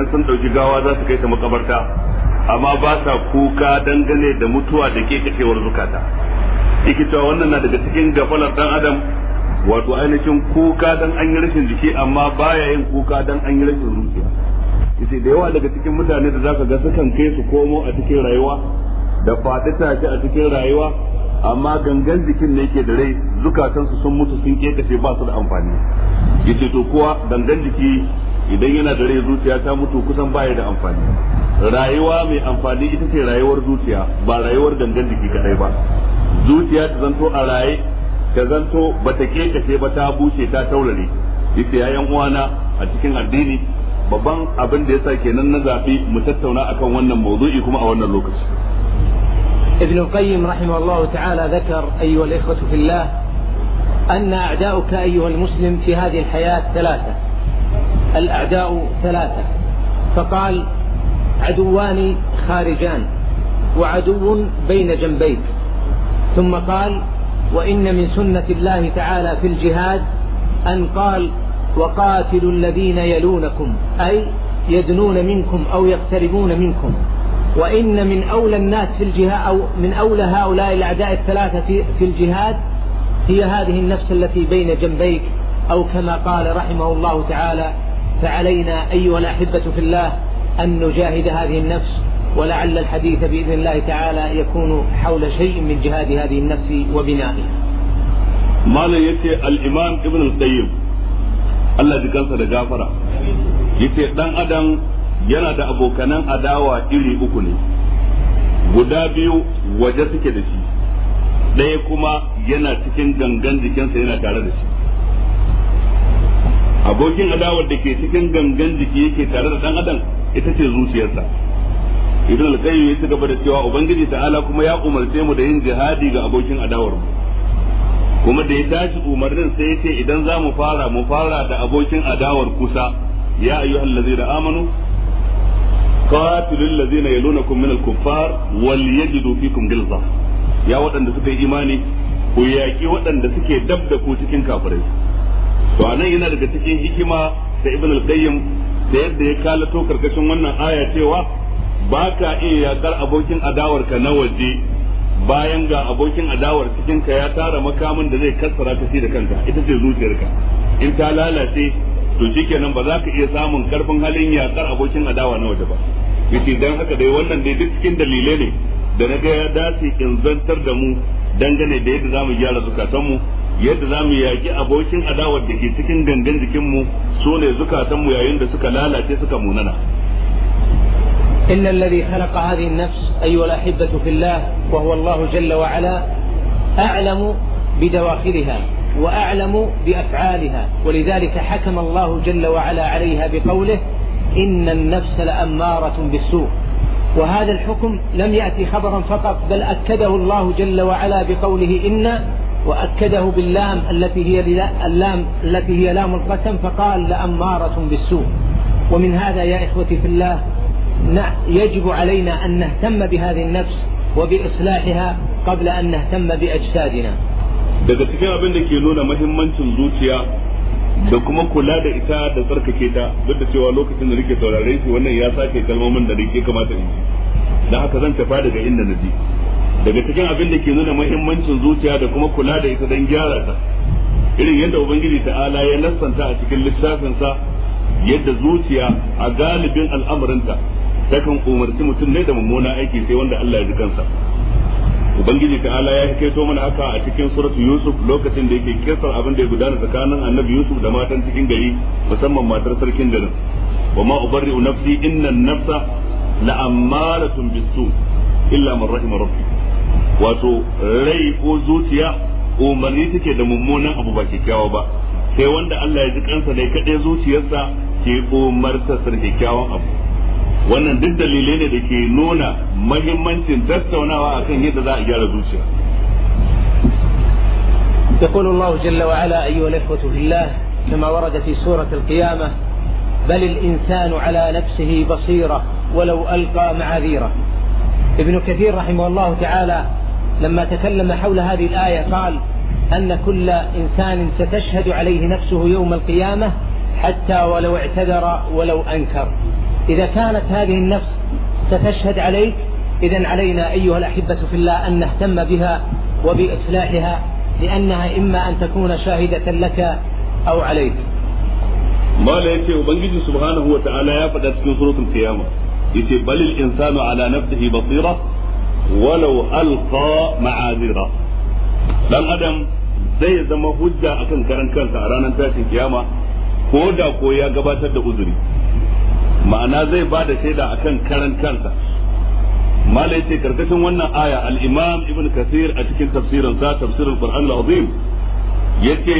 dan sun dauki gawa za su kai ta makabarta amma ba sa kuka dangane da mutuwa da ke kacewar zukata yake cewa wannan na daga cikin gafalar dan adam wato ainihin kuka dan an yi rashin jiki amma baya yin kuka dan an yi rashin zuciya yace da yawa daga cikin mutane da zaka ga sukan kai su komo a cikin rayuwa da faɗi tashi a cikin rayuwa amma gangan jikin ne yake da rai zukatansu sun mutu sun kekace ba su da amfani yace to kuwa gangan jiki idan yana da rai zuciya ta mutu kusan baya da amfani rayuwa mai amfani ita ce rayuwar zuciya ba rayuwar gangan jiki kadai ba zuciya ta zanto a raye ta zanto ba ta kekace ba ta bushe ta taurare ita yayan uwana a cikin addini babban abin da yasa kenan na zafi mu tattauna akan wannan mawdu'i kuma a wannan lokaci ابن القيم رحمه الله تعالى ذكر أيها الإخوة في الله أن أعداؤك أيها المسلم في هذه الحياة ثلاثة الأعداء ثلاثة فقال عدوان خارجان وعدو بين جنبيك ثم قال وإن من سنة الله تعالى في الجهاد أن قال وقاتلوا الذين يلونكم أي يدنون منكم أو يقتربون منكم وإن من أولى الناس في الجهاد أو من أولى هؤلاء الأعداء الثلاثة في الجهاد هي هذه النفس التي بين جنبيك أو كما قال رحمه الله تعالى فعلينا أيها الأحبة في الله أن نجاهد هذه النفس ولعل الحديث بإذن الله تعالى يكون حول شيء من جهاد هذه النفس وبنائها مالا يتي الإمام ابن القيم الله ذكرت صدى gafara يتي دان adam yana أبو abokanan أداوى إلي أكني ne وجسك دشي waje suke da shi ɗaya kuma yana cikin gangan jikinsa yana tare da shi abokin adawar da ke cikin gangan jiki yake tare da dan adam ita ce zuciyarsa idan al ya ya gaba da cewa ubangiji ta'ala kuma ya umarce mu da yin jihadi ga abokin adawar mu kuma da ya tashi umarnin sai ya ce idan za mu fara mu fara da abokin adawar kusa ya allazi da amanu qatilul ladzina yalunakum min al-kuffar wal yajidu fikum gilza ya waɗanda suka yi imani ku yaƙi waɗanda suke dab da ku cikin kafirai to anan yana daga cikin hikima da ibn al-qayyim da yadda ya kalato karkashin wannan aya cewa ba ka iya yakar abokin adawarka na waje bayan ga abokin adawar cikinka ya tara makamin da zai kassara ka da kanka ita ce zuciyarka in ta lalace to shikenan ba za ka iya samun karfin halin yakar abokin adawa na waje ba yace dan haka dai wannan dai duk cikin dalilai ne da na ga ya dace in zantar da mu dangane da yadda zamu gyara zukatanmu yadda za mu yaƙi abokin adawar da ke cikin gangan jikinmu su ne mu yayin da suka lalace suka munana إن الذي خلق هذه النفس أيها الأحبة في الله وهو الله جل وعلا أعلم بدواخلها وأعلم بأفعالها ولذلك حكم الله جل وعلا عليها بقوله إن النفس لأمارة بالسوء وهذا الحكم لم يأتي خبرا فقط بل أكده الله جل وعلا بقوله إن وأكده باللام التي هي اللام التي هي لام القسم فقال لأمارة بالسوء ومن هذا يا إخوتي في الله يجب علينا أن نهتم بهذه النفس وبإصلاحها قبل أن نهتم بأجسادنا daga cikin abin da ke nuna mahimmancin zuciya da kuma kula da ita da tsarkake ta duk da cewa lokacin da nake taurare shi wannan ya sake kalmomin da nake kamata in ji dan haka zan tafa daga inda na ji daga cikin abin da ke nuna muhimmancin zuciya da kuma kula da ita don gyara ta irin yadda ubangiji ta'ala ya nassanta a cikin littafinsa yadda zuciya a galibin al'amarinta takan umarci mutum ne da mummuna aiki sai wanda Allah ya ji kansa ubangiji ta'ala ya kaito mana haka a cikin suratu yusuf lokacin da yake kisar abin da ya gudana tsakanin annabi yusuf da matan cikin gari musamman matar sarkin garin wa ma ubarri'u nafsi innan nafsa la'ammaratun bisu illa man rahima rabbi wato rai ko zuciya umarni take da mummunan abu ba kyakkyawa ba sai wanda Allah ya ji kansa ne kaɗai zuciyarsa ke umarta sar kyakkyawan abu wannan duk dalilai ne da ke nuna mahimmancin tattaunawa akan yadda za a gyara zuciya يقول الله جل وعلا أيها الإخوة في الله كما ورد في سورة القيامة بل الإنسان على نفسه بصيرة ولو ألقى معاذيره ابن كثير رحمه الله تعالى لما تكلم حول هذه الآية قال أن كل إنسان ستشهد عليه نفسه يوم القيامة حتى ولو اعتذر ولو أنكر إذا كانت هذه النفس ستشهد عليك إذا علينا أيها الأحبة في الله أن نهتم بها وبإصلاحها لأنها إما أن تكون شاهدة لك أو عليك ما لا يتي وبنجي سبحانه وتعالى يا فقد في سورة القيامة yace balil insanu ala nafsihi basira walau alqa ma'azira dan adam zai zama hujja akan karan kansa a ranar tashin kiyama ko da ko ya gabatar da uzuri ma'ana zai ba da shaida akan karan kansa malai ce karkashin wannan aya al-imam ibn kasir a cikin tafsirin sa tafsirin qur'an al-azim yace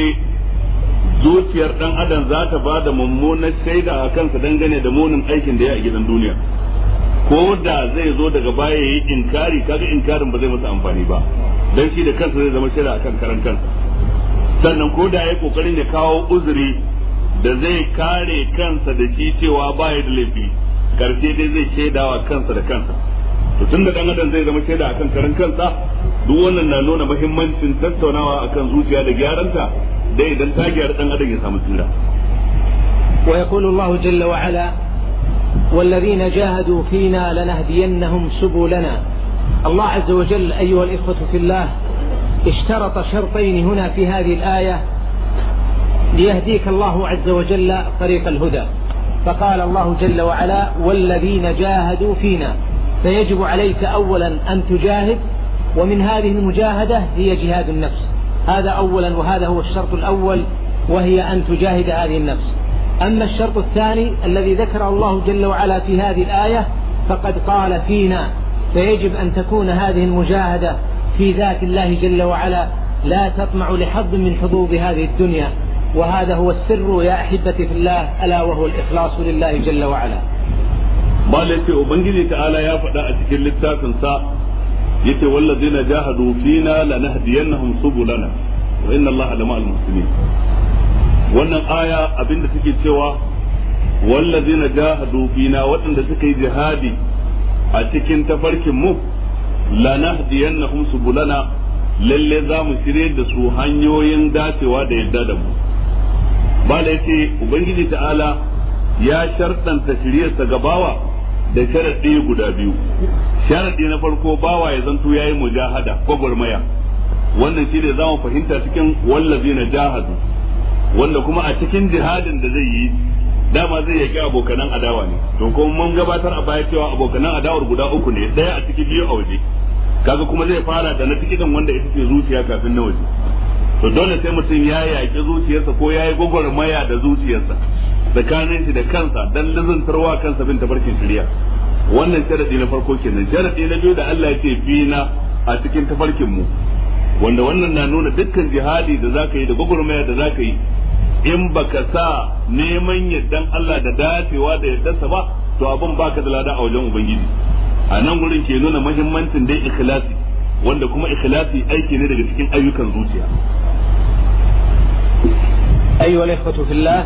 zuciyar dan adam za ta ba da mummunar shaida a kansa dangane da munin aikin da ya a gidan duniya ko da zai zo daga baya yi inkari kaga inkarin ba zai masa amfani ba dan shi da kansa zai zama shira akan karan kansa sannan ko da yayi kokarin ya kawo uzuri da zai kare kansa da shi cewa baya da laifi karshe dai zai shaidawa kansa da kansa to tun da dan adam zai zama shaida akan karan kansa duk wannan na nuna muhimmancin tattaunawa akan zuciya da gyaranta dai idan ta gyara dan adam ya samu tsira ويقول الله جل وعلا والذين جاهدوا فينا لنهدينهم سبلنا الله عز وجل أيها الإخوة في الله اشترط شرطين هنا في هذه الآية ليهديك الله عز وجل طريق الهدى فقال الله جل وعلا والذين جاهدوا فينا فيجب عليك أولا أن تجاهد ومن هذه المجاهدة هي جهاد النفس هذا أولا وهذا هو الشرط الأول وهي أن تجاهد هذه النفس أما الشرط الثاني الذي ذكره الله جل وعلا في هذه الآية فقد قال فينا فيجب أن تكون هذه المجاهدة في ذات الله جل وعلا لا تطمع لحظ من حظوظ هذه الدنيا وهذا هو السر يا أحبتي في الله ألا وهو الإخلاص لله جل وعلا مالك أبنجي تعالى يا فدا أتكل لتاتنسا يتي والذين جاهدوا فينا لنهدينهم سبلنا وإن الله لمع المسلمين wannan aya abinda take cewa wallazina jahadu fina waɗanda suka yi jihadi a cikin tafarkin mu lanahdiyannahum subulana lalle za mu shirye da su hanyoyin dacewa da yadda da mu bala yace ubangiji ta'ala ya shartanta shiryarsa sa gabawa da sharaɗi guda biyu sharaɗi na farko bawa ya zanto yayi mujahada gwagwarmaya wannan shi ne za mu fahimta cikin wallazina jahadu wanda kuma a cikin jihadin da zai yi dama zai yaki abokanan adawa ne to kuma mun gabatar a baya cewa abokanan adawar guda uku ne daya a cikin biyu a waje kaga kuma zai fara da na cikin wanda ita ce zuciya kafin na waje to dole sai mutum ya yaki zuciyarsa ko ya yi gwagwarmaya da zuciyarsa tsakanin shi da kansa dan tarwa kansa bin tafarkin shari'a wannan sharadi na farko kenan sharadi na biyu da Allah ya ce na a cikin tafarkin mu wanda wannan na nuna dukkan jihadi da zaka yi da gwagwarmaya da zaka yi in baka sa neman yardan Allah da dacewa da yardarsa ba to abin baka da lada a wajen ubangiji a nan gurin ke nuna muhimmancin dai ikhlasi wanda kuma ikhlasi aiki ne daga cikin ayyukan zuciya أيها الإخوة في الله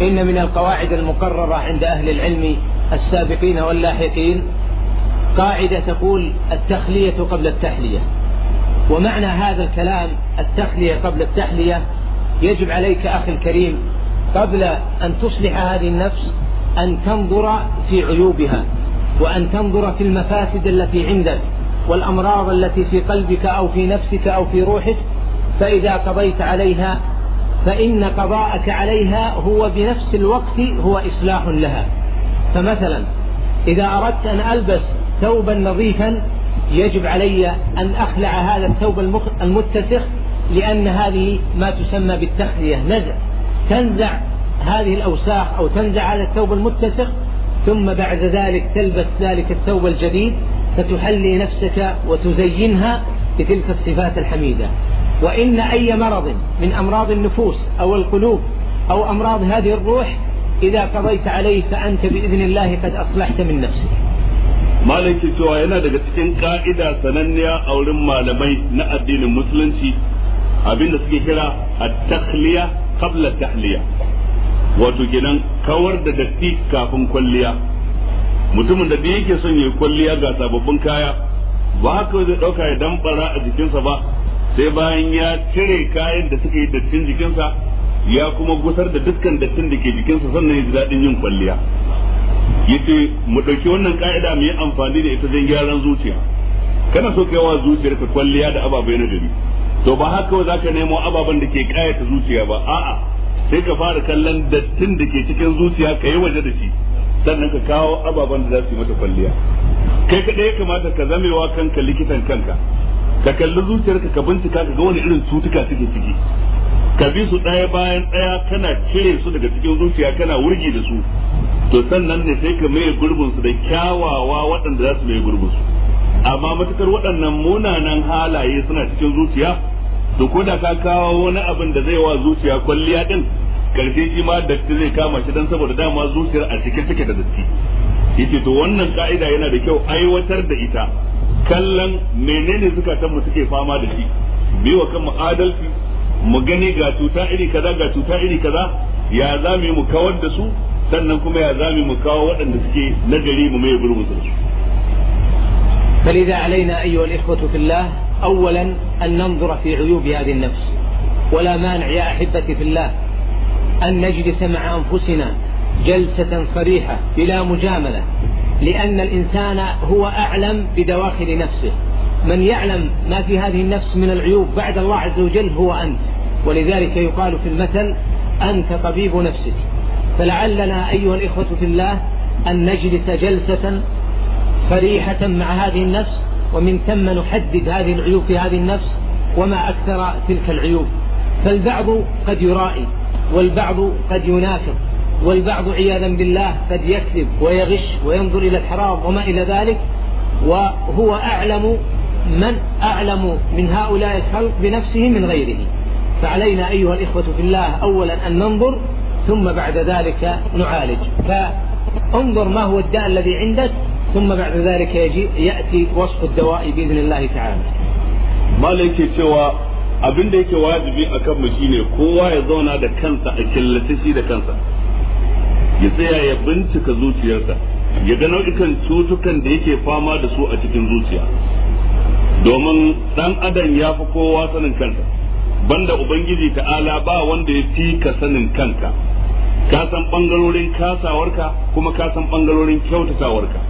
إن من القواعد المقررة عند أهل العلم السابقين واللاحقين قاعدة تقول التخلية قبل التحلية ومعنى هذا الكلام التخلية قبل التحلية يجب عليك أخي الكريم قبل أن تصلح هذه النفس أن تنظر في عيوبها وأن تنظر في المفاسد التي عندك والأمراض التي في قلبك أو في نفسك أو في روحك فإذا قضيت عليها فإن قضاءك عليها هو بنفس الوقت هو إصلاح لها فمثلا إذا أردت أن ألبس ثوبا نظيفا يجب علي أن أخلع هذا الثوب المتسخ لأن هذه ما تسمى بالتخلية نزع تنزع هذه الأوساخ أو تنزع هذا الثوب المتسخ ثم بعد ذلك تلبس ذلك الثوب الجديد فتحلي نفسك وتزينها بتلك الصفات الحميدة وإن أي مرض من أمراض النفوس أو القلوب أو أمراض هذه الروح إذا قضيت عليه فأنت بإذن الله قد أصلحت من نفسك مالك سوى cewa yana قائدة cikin أو لما a نأدين المسلمين abinda suke kira a takhliya kabla tahliya wato kenan kawar da datti kafin kwalliya mutumin da yake son yayi kwalliya ga sababbin kaya ba haka zai dauka ya dambara a jikinsa ba sai bayan ya cire kayan da suke yi dattin jikinsa ya kuma gusar da dukkan dattin da ke jikinsa sannan ya ji daɗin yin kwalliya yace mu ɗauki wannan ka'ida mu yi amfani da ita don gyaran zuciya kana so kai wa zuciyarka kwalliya da ababai na gari to ba haka za ka nemo ababen da ke kayata zuciya ba a'a sai ka fara kallon dattin da ke cikin zuciya ka yi waje da shi sannan ka kawo ababen da za su yi mata kwalliya kai kaɗai ya kamata ka zamewa kanka likitan kanka ka kalli zuciyarka ka bincika ka ga wani irin cutuka suke ciki ka bi su ɗaya bayan ɗaya kana cire su daga cikin zuciya kana wurgi da su to sannan ne sai ka maye gurbin su da kyawawa waɗanda za su maye gurbin su amma matukar waɗannan munanan halaye suna cikin zuciya to ko da ka kawo wani abin da zai wa zuciya kwalliya din karfe shi ma datti zai kama shi dan saboda dama zuciyar a cikin take da datti yace to wannan ka'ida yana da kyau aiwatar da ita kallon menene suka zukatanmu suke fama da shi Biwa kan adalci mu gani ga cuta iri kaza ga cuta iri kaza ya zame mu kawar da su sannan kuma ya zame mu kawo waɗanda suke nagari mu mai gurbin su فلذا علينا أيها الإخوة في الله أولا أن ننظر في عيوب هذه النفس ولا مانع يا أحبتي في الله أن نجلس مع أنفسنا جلسة صريحة بلا مجاملة لأن الإنسان هو أعلم بدواخل نفسه من يعلم ما في هذه النفس من العيوب بعد الله عز وجل هو أنت ولذلك يقال في المثل أنت طبيب نفسك فلعلنا أيها الإخوة في الله أن نجلس جلسة صريحة مع هذه النفس ومن ثم نحدد هذه العيوب في هذه النفس وما أكثر تلك العيوب فالبعض قد يرائي والبعض قد ينافق والبعض عياذا بالله قد يكذب ويغش وينظر إلى الحرام وما إلى ذلك وهو أعلم من أعلم من هؤلاء الخلق بنفسه من غيره فعلينا أيها الإخوة في الله أولا أن ننظر ثم بعد ذلك نعالج فانظر ما هو الداء الذي عندك ثم بعد ذلك يجي يأتي وصف الدواء بإذن الله تعالى ما لك سوى abin da yake wajibi a kanmu shine kowa ya zauna da kansa a killace shi da kansa ya tsaya ya bincika zuciyarsa ya ga nau'ikan cutukan da yake fama da su a cikin zuciya domin dan adam ya fi kowa sanin kansa banda ubangiji ta'ala ba wanda ya fi ka sanin kanka ka san bangarorin kasawarka kuma ka san bangarorin kyautatawarka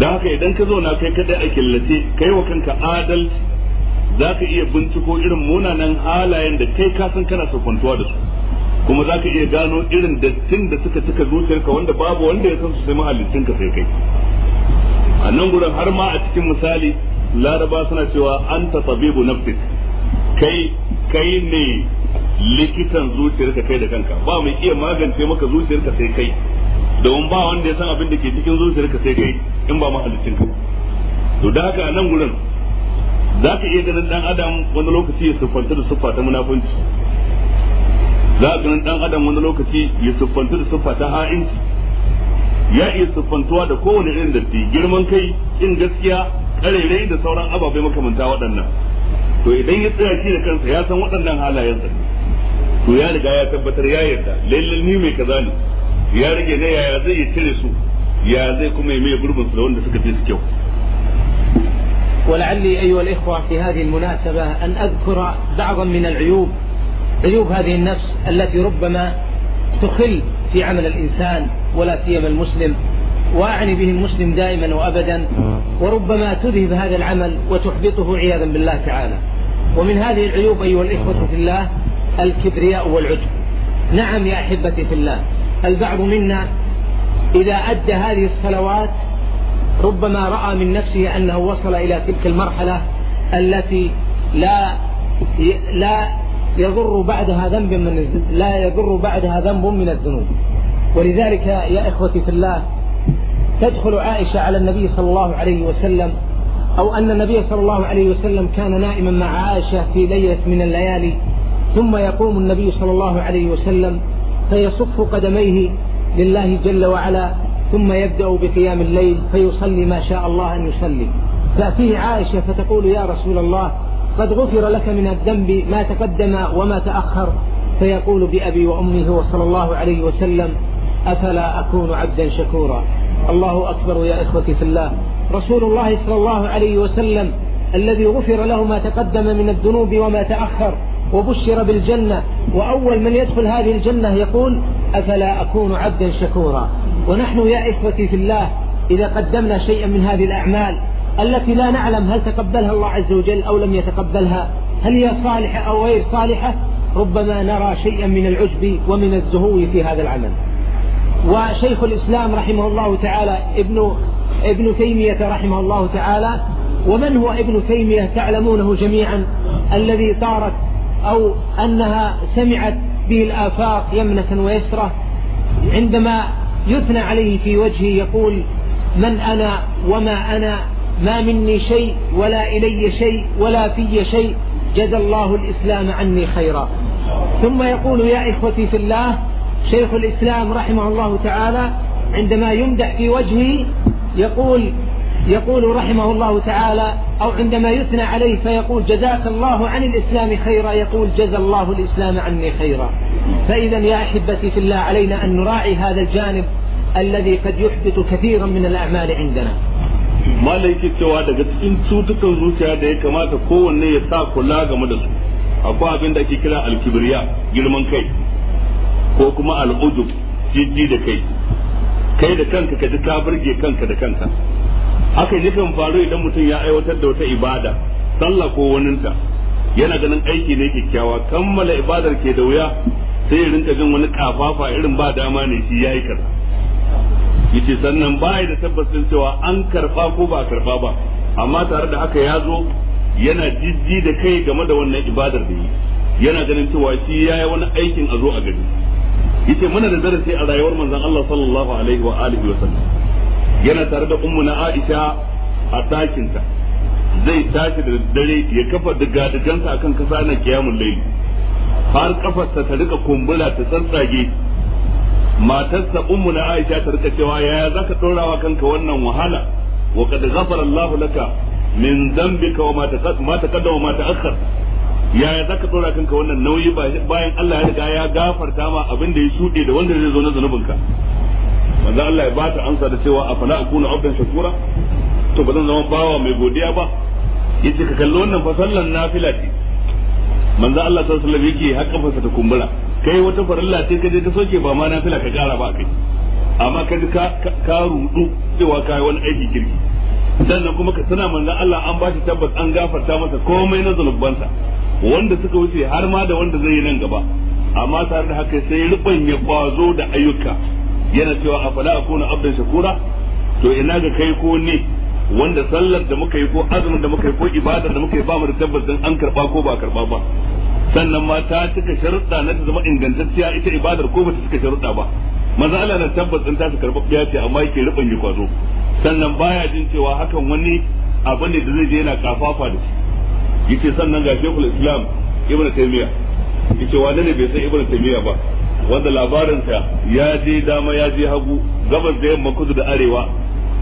don haka idan ka zauna kai kadai a killace kai wa kanka adal za ka iya binciko irin munanan halayen da kai ka san kana kwantuwa da su kuma za ka iya gano irin dattin da suka cika zuciyarka wanda babu wanda ya san su sai mahallicinka sai kai a nan gurin har ma a cikin misali laraba suna cewa an ta tabibu nafsik kai kai ne likitan zuciyarka kai da kanka ba mai iya magance maka zuciyarka sai kai domin ba wanda ya san abin da ke cikin zuciyarka sai kai in ba mahalicin ka to da haka a nan gurin za ka iya ganin dan adam wani lokaci ya siffanta da siffa ta munafunci za ka ganin dan adam wani lokaci ya siffanta da siffa ta ha'inci ya iya siffantuwa da kowane irin datti girman kai in gaskiya karerai da sauran ababai makamanta waɗannan to idan ya tsaya shi da kansa ya san waɗannan halayensa to ya riga ya tabbatar ya yarda lallai ni mai kaza ne ya rage ne ya zai ya cire su ya zai kuma ya mai gurbin su da wanda suka fi su kyau ولعلي أيها الإخوة في هذه المناسبة أن أذكر بعضا من العيوب عيوب هذه النفس التي ربما تخل في عمل الإنسان ولا سيما المسلم وأعني به المسلم دائما وأبدا وربما تذهب هذا العمل وتحبطه عياذا بالله تعالى ومن هذه العيوب أيها الإخوة في الله الكبرياء والعجب نعم يا أحبتي في الله البعض منا إذا أدى هذه الصلوات ربما رأى من نفسه أنه وصل إلى تلك المرحلة التي لا لا يضر بعدها ذنب من لا يضر بعدها ذنب من الذنوب ولذلك يا إخوتي في الله تدخل عائشة على النبي صلى الله عليه وسلم أو أن النبي صلى الله عليه وسلم كان نائما مع عائشة في ليلة من الليالي ثم يقوم النبي صلى الله عليه وسلم فيصف قدميه لله جل وعلا ثم يبدأ بقيام الليل فيصلي ما شاء الله أن يصلي تأتيه عائشة فتقول يا رسول الله قد غفر لك من الذنب ما تقدم وما تأخر فيقول بأبي وأمه وصلى الله عليه وسلم أفلا أكون عبدا شكورا الله أكبر يا إخوتي في الله رسول الله صلى الله عليه وسلم الذي غفر له ما تقدم من الذنوب وما تأخر وبشر بالجنة وأول من يدخل هذه الجنة يقول أفلا أكون عبدا شكورا ونحن يا إخوتي في الله إذا قدمنا شيئا من هذه الأعمال التي لا نعلم هل تقبلها الله عز وجل أو لم يتقبلها هل هي صالحة أو غير صالحة ربما نرى شيئا من العجب ومن الزهو في هذا العمل وشيخ الإسلام رحمه الله تعالى ابن ابن تيمية رحمه الله تعالى ومن هو ابن تيمية تعلمونه جميعا الذي طارت أو أنها سمعت به الآفاق يمنة ويسرة عندما يثنى عليه في وجهه يقول من أنا وما أنا ما مني شيء ولا إلي شيء ولا في شيء جزى الله الإسلام عني خيرا ثم يقول يا إخوتي في الله شيخ الإسلام رحمه الله تعالى عندما يمدح في وجهه يقول يقول رحمه الله تعالى أو عندما يثنى عليه فيقول جزاك الله عن الإسلام خيرا يقول جزى الله الإسلام عني خيرا فإذا يا أحبتي في الله علينا أن نراعي هذا الجانب الذي قد يحبط كثيرا من الأعمال عندنا ما ليك cewa daga cikin cutukan zuciya da ya kamata kowanne ya sa kula game da su akwai abin da ake kira alkibriya girman kai ko kuma al'ujub jijji da kai kai da kanka ka ji burge kanka da kanka haka yakan faru idan mutum ya aiwatar da wata ibada sallah ko waninta yana ganin aiki ne kyakkyawa kammala ibadar ke da wuya sai irin rinka jin wani kafafa irin ba dama ne shi yayi kaza yace sannan ba da tabbacin cewa an karba ko ba karba ba amma tare da haka ya zo yana jijji da kai game da wannan ibadar da yi yana ganin cewa shi yayi wani aikin a zo a gani yace mana da darasi a rayuwar manzon Allah sallallahu alaihi wa alihi wa sallam yana tare da ummu na Aisha a ɗakinta zai tashi da dare ya kafa digadigansa akan kasa na kiyamun laili har kafarsa ta rika kumbula ta tsantsage matarsa ummu na Aisha ta rika cewa yaya zaka wa kanka wannan wahala wa kad ghafara Allahu laka min dhanbika wa ma taqaddama wa ma ta'akhkhar yaya zaka ɗora kanka wannan nauyi bayan Allah ya riga ya gafarta ma abin da ya shude da wanda zai zo na zanubinka manzo Allah ya bata amsa da cewa afala akuna abdan shakura to ba zan zama bawa mai godiya ba yace ka kalli wannan fa sallan nafila ce manzo Allah sallallahu alaihi wasallam yake hakkafa ta kumbura kai wata farilla ce kaje ka soke ba ma nafila ka kara ba kai amma ka ka ka rudu cewa kai wani aiki kirki sannan kuma ka tana manzo Allah an bashi tabbas an gafarta masa komai na zulubansa wanda suka wuce har ma da wanda zai yi nan gaba amma tare da haka sai rubanya kwazo da ayyuka yana cewa a a akuna abdan shakura to ina ga kai ko ne wanda sallar da muka yi ko azumin da muka yi ko ibadar da muka yi ba mu da tabbas dan an karba ko ba karba ba sannan ma ta cika sharuɗa na ta zama ingantacciya ita ibadar ko ba ta cika sharuɗa ba Maza Allah na tabbas din ta su karba ce amma yake rubin yi kwazo sannan baya jin cewa hakan wani abu ne da zai je yana kafafa da shi yace sannan ga Sheikhul Islam Ibn Taymiyyah yace wa ne bai san Ibn Taymiyyah ba wanda labarinsa ya je dama ya je hagu gabas da yamma kudu da arewa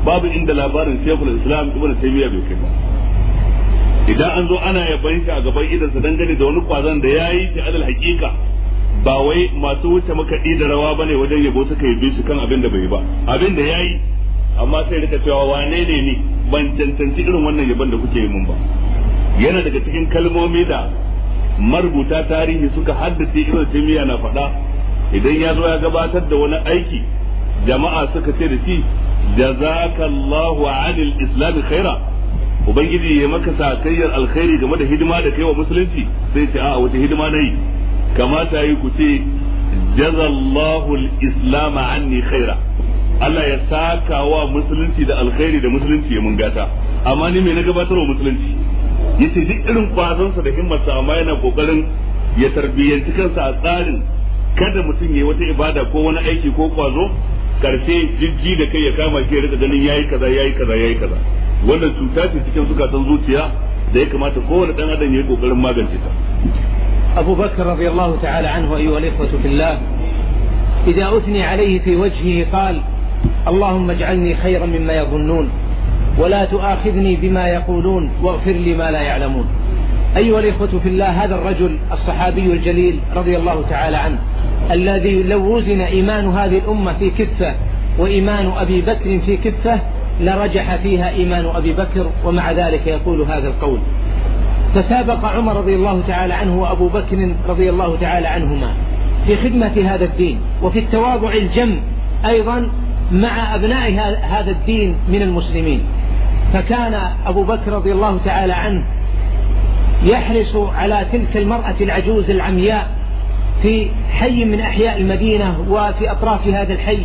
babu inda labarin shekul islam ibn taymiya bai kai ba idan an zo ana yabon shi a gaban idansa dangane da wani kwazon da yayi shi alal hakika ba wai masu wuce makaɗi da rawa bane wajen yabo suka yabe shi kan abin da bai ba abin da yayi amma sai rika cewa wane ne ni ban cancanci irin wannan yaban da kuke yi mun ba yana daga cikin kalmomi da marubuta tarihi suka haddace ibn taymiya na faɗa idan ya zo ya gabatar da wani aiki jama'a suka ce da shi jazakallahu anil islam khaira ubangiji ya maka sakayyar alkhairi game da hidima da kai wa musulunci sai ce a wata hidima nayi kamata yi ku ce jazallahu al anni khaira Allah ya saka wa musulunci da alkhairi da musulunci ya mungata amma ni me na wa musulunci yace duk irin kwazansa da himmarsa amma yana kokarin ya tarbiyyanci kansa a tsarin kada mutum yayi wata ibada ko wani aiki ko kwazo karshe jijji da kai ya kama shi ya rika ganin yayi kaza yayi kaza yayi kaza wannan cuta ce cikin zukatan zuciya da ya kamata kowane dan adam ya yi kokarin magance ta Abu Bakar radiyallahu ta'ala anhu عنه أيها الإخوة في الله إذا أثني عليه في وجهه قال اللهم اجعلني خيرا مما يظنون ولا تؤاخذني بما يقولون واغفر لي ما لا يعلمون أيها الإخوة في الله هذا الرجل الصحابي الجليل رضي الله تعالى عنه الذي لو وزن إيمان هذه الأمة في كفة وإيمان أبي بكر في كفة لرجح فيها إيمان أبي بكر ومع ذلك يقول هذا القول فسابق عمر رضي الله تعالى عنه وأبو بكر رضي الله تعالى عنهما في خدمة هذا الدين وفي التواضع الجم أيضا مع أبناء هذا الدين من المسلمين فكان أبو بكر رضي الله تعالى عنه يحرص على تلك المرأة العجوز العمياء في حي من أحياء المدينة وفي أطراف هذا الحي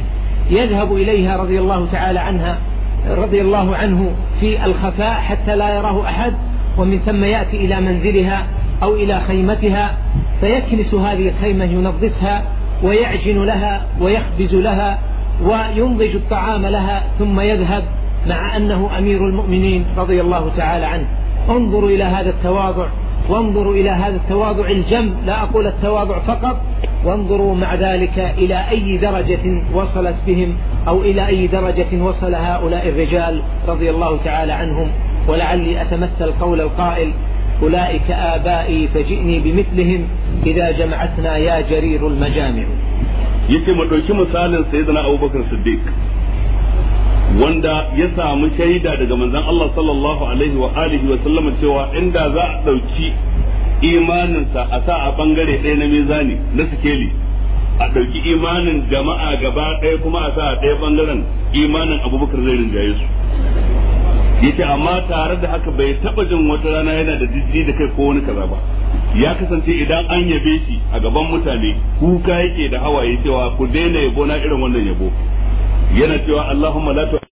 يذهب إليها رضي الله تعالى عنها رضي الله عنه في الخفاء حتى لا يراه أحد ومن ثم يأتي إلى منزلها أو إلى خيمتها فيكنس هذه الخيمة ينظفها ويعجن لها ويخبز لها وينضج الطعام لها ثم يذهب مع أنه أمير المؤمنين رضي الله تعالى عنه انظروا إلى هذا التواضع وانظروا إلى هذا التواضع الجم لا أقول التواضع فقط وانظروا مع ذلك إلى أي درجة وصلت بهم أو إلى أي درجة وصل هؤلاء الرجال رضي الله تعالى عنهم ولعلي أتمثل قول القائل أولئك آبائي فجئني بمثلهم إذا جمعتنا يا جرير المجامع يتم مثال سيدنا أبو بكر الصديق wanda ya samu shaida daga manzon Allah sallallahu alaihi wa alihi wa sallam cewa inda za a dauki imaninsa a sa a bangare ɗaya na mizani na sikeli a ɗauki imanin jama'a gaba ɗaya kuma a sa a ɗaya bangaren imanin abubakar zai rinjaye su yace amma tare da haka bai taba jin wata rana yana da jijji da kai ko wani kaza ba ya kasance idan an yabe shi a gaban mutane kuka yake da hawaye cewa ku daina yabo na irin wannan yabo yana cewa Allahumma la